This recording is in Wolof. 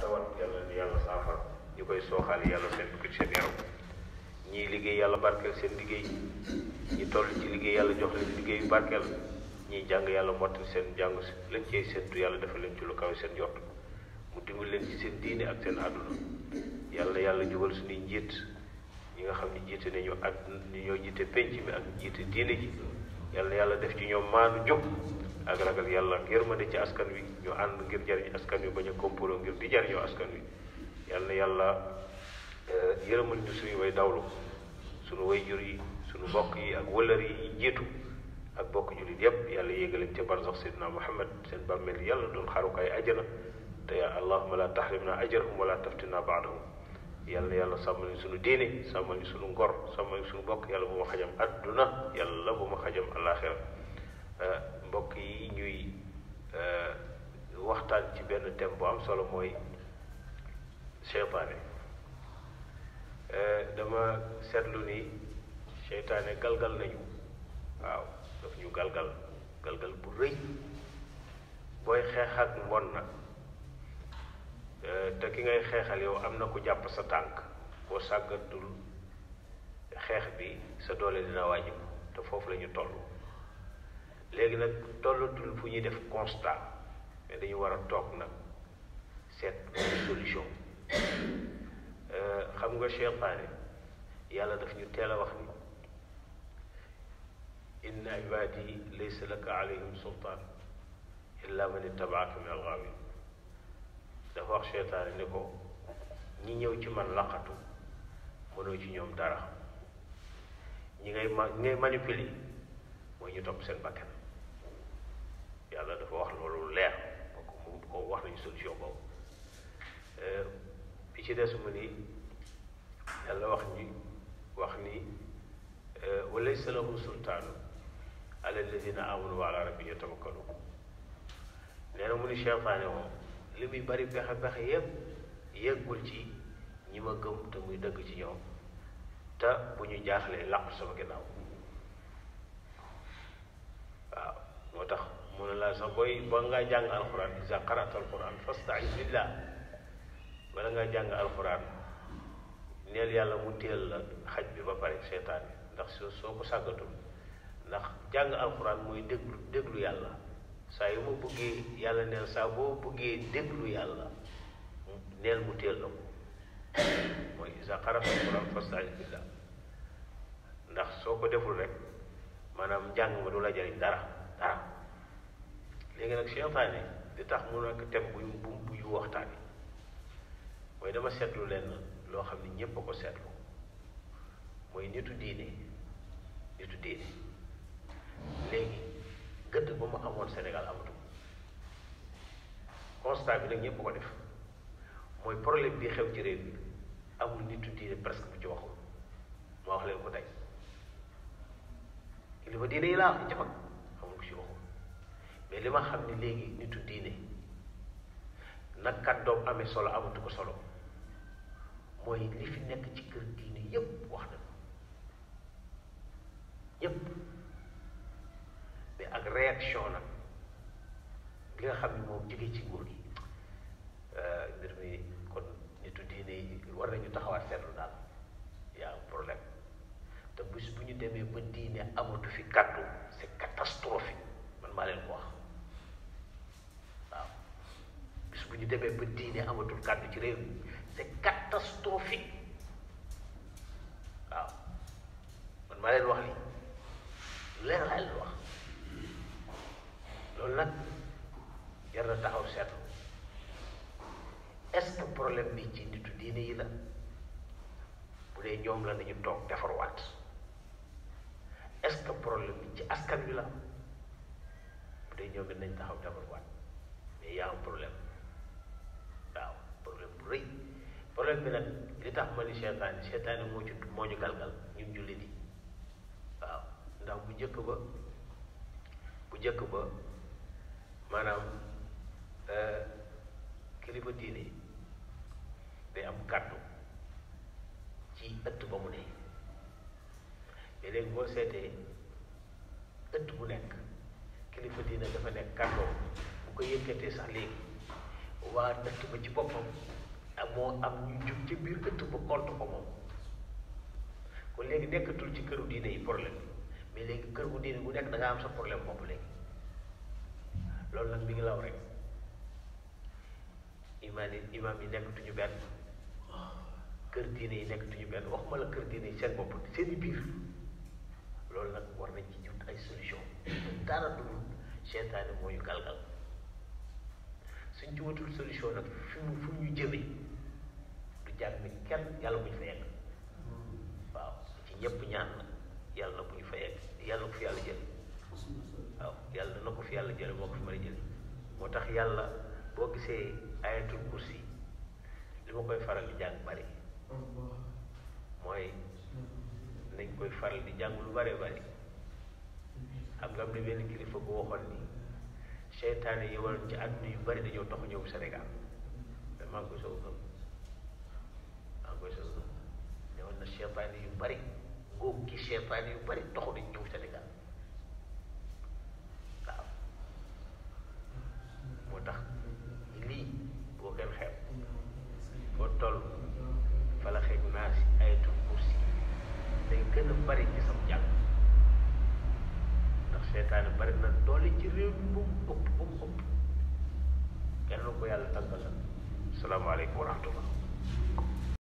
tawat yàlla ni yàlla saafara ñi koy sooxaale yàlla seen ko ci seen yaram ñii liggéey yàlla barkeel seen liggéey ñi toll ci liggéey yàlla jox leen liggéey yu jàng yàlla mottali seen jàng lañ cey séntu yàlla defal leen ci lu kaw seen jot mu dimbali leen ci seen diine ak seen àdduna yàlla yàlla jubal ni njiit ñi nga xam ne jiite nañu àdduna ñoo jiite penc mi ak jiite diine ji yàlla yàlla def ci ñoom maanu jóg ak ragal yàlla ma de ci askan wi ñu ànd ngir jariñ askan wi bañ a kompaloo ngir di jariñoo askan wi yàlla na yàlla eh, yërëmandi suñu way dawlu suñu way jur yi sunu mbokk yi ak wëlër yi jiitu ak bokk jullit yépp yàlla yéegaleen ca barsax sidna muhammad seen bàmmeel yàlla doon xarukaay ajana te yaa allahuma la tahrimna ajrahum wala taftina baadahum yàlla na yàlla sàmmal ñu sunu diine sàmmal ñu suñu ngor sàmmal ñu suñu mbokk yàlla bu ma xajam adduna yàlla bu Euh, mbokk yi ñuy euh, waxtaan ci benn thème bu am solo mooy seytaane euh, dama seetlu ni seytaane galgal nañu waaw daf ñu galgal galgal bu rëy booy xeex ak mbon na te ki ngay xeexal yow am na ku jàpp sa tànk boo sàggatul xeex bi sa doole dina wàññi te foofu lañu ñu toll léegi nag tollatul fu ñuy def constat mais dañu war a toog nag seet solution euh, xam nga cheytaane yàlla daf ñu teel a wax ni inna ibaadi laysa laka alayhim sultaan illa man dafa wax cheytaane ne ko ñi ñëw ci man laqatu mënoo ci ñoom dara ñi ngay ma ñi mooy ñu topp seen bakkan yàlla dafa wax loolu leer donc mu ko wax nañu solution boobu bi ci des mu ni yàlla wax ni wax ni walaysa lahu sultaanu ala alladina amanu wa ala rabbihim yatawakkalun nee na mu ni cheytaane moom li muy bari pexe pexe yépp yëggul ci ñi ma gëm te muy dëgg ci ñoom te bu ñu jaaxlee làqu sama ginnaaw waaw moo tax mu ne la sax booy ba nga jàng alquran isa qarata alquran fastaiz billah bala nga jàng alquran neel yàlla mu téel la xaj bi ba pare seetaan ndax soo soo ko sàggatul ndax jàng alquran mooy déglu déglu yàlla saa yu ma bëggee yàlla neel saa boo bëggee déglu yàlla neel mu téel la ko mooy isa qarata alquran fastaiz billah ndax soo ko deful rek maanaam jàng ma du la jariñ dara léegi nag seytaane li tax mu nekk tem buy bu buy waxtaan yi mooy dama seetlu lenn loo xam ne ñépp a ko seetlu mooy nitu diine nitu diine léegi gëdd ba mu amoon Sénégal amatu constat bi nag ñépp ko def mooy problème bi xew ci réew mi amul nitu diine presque bu ci waxul ma wax leen ko tey kilifa diine yi laa ci jafag mais li ma xam ne léegi nitu diine nag kàddoom amee solo amatu ko solo mooy li fi nekk ci kër diine yépp wax na ko yépp mais ak réaction nag li nga xam ni moom jóge ci nguur gi euh, mbir mi kon nitu diine yi war nañu taxawaat seetlu daal yaa am problème te bés bu ñu demee ba diine amatu fi kàddu bu ñu demee ba diine amatul kàddu ci réew mi c'est catastrophique waaw man maa leen wax li leer laa leen wax loolu nag jar taxaw seetlu est-ce que problème bi ci nitu diine yi la bu dee ñoom la nañu toog defarwaat est-ce que problème bi ci askan wi la bu dee ñoom it nañ taxaw defarwaat mais y problème problème bi nag li tax ma ni seytaane moo ci moo ñu galgal ñun jullit yi waaw ndax bu njëkk ba bu njëkk ba maanaam euh, kilifa diine day am kàddu ci ëtt ba mu ne mais léegi boo seetee ëtt bu nekk kilifa diine dafa nekk kàddoom bu ko yëkkatee sax léegi waa ëtt ba ci boppam moo am ñu jug ci biir ëtt ba contre ko moom kon léegi nekkatul ci këru diine yi problème bi mais léegi kër gu diine bu nekk da nga am sa problème bopp léegi loolu nag mi ngi law rek imaam yi imaam ñu nekkatuñu benn kër diine yi nekkatuñu benn waxuma la kër diine yi seen bopp seen i biir loolu nag war nañ ci jot ay solution dara dul seetaane moo ñu galgal suñ ci solution nag fi mu fu ñu jëmee jàng mi kenn yàlla bu ñu fa yegg hmm. waaw ci ñëpp ñaan na yàlla na bu ñu fa yegg yàlla na ko fi yàlla jël waaw yàlla moo ko fi mën jël moo tax yàlla boo gisee ayatul kursi li ma koy faral di jàng bari mooy nañ koy faral di jàng lu bare bari xam nga am na benn kilifa bu waxoon ni seytaane yi waroon ci àdduna yu bari dañoo tax ñëw Sénégal damaa koy sës la ñëwoon na cheytaane yu bari góob gi cheytaane yu bari doxu nañ ñëw Sénégal waaw moo tax lii boo gën xeeb boo toll fala xëy naa si ayatul kursi day gën a bari ci sam jàng ndax seytaane bari na doole ci réew mu ëpp bu mu ëpp kenn ko yàlla tàggal la salaamaaleykum wa rahmatullah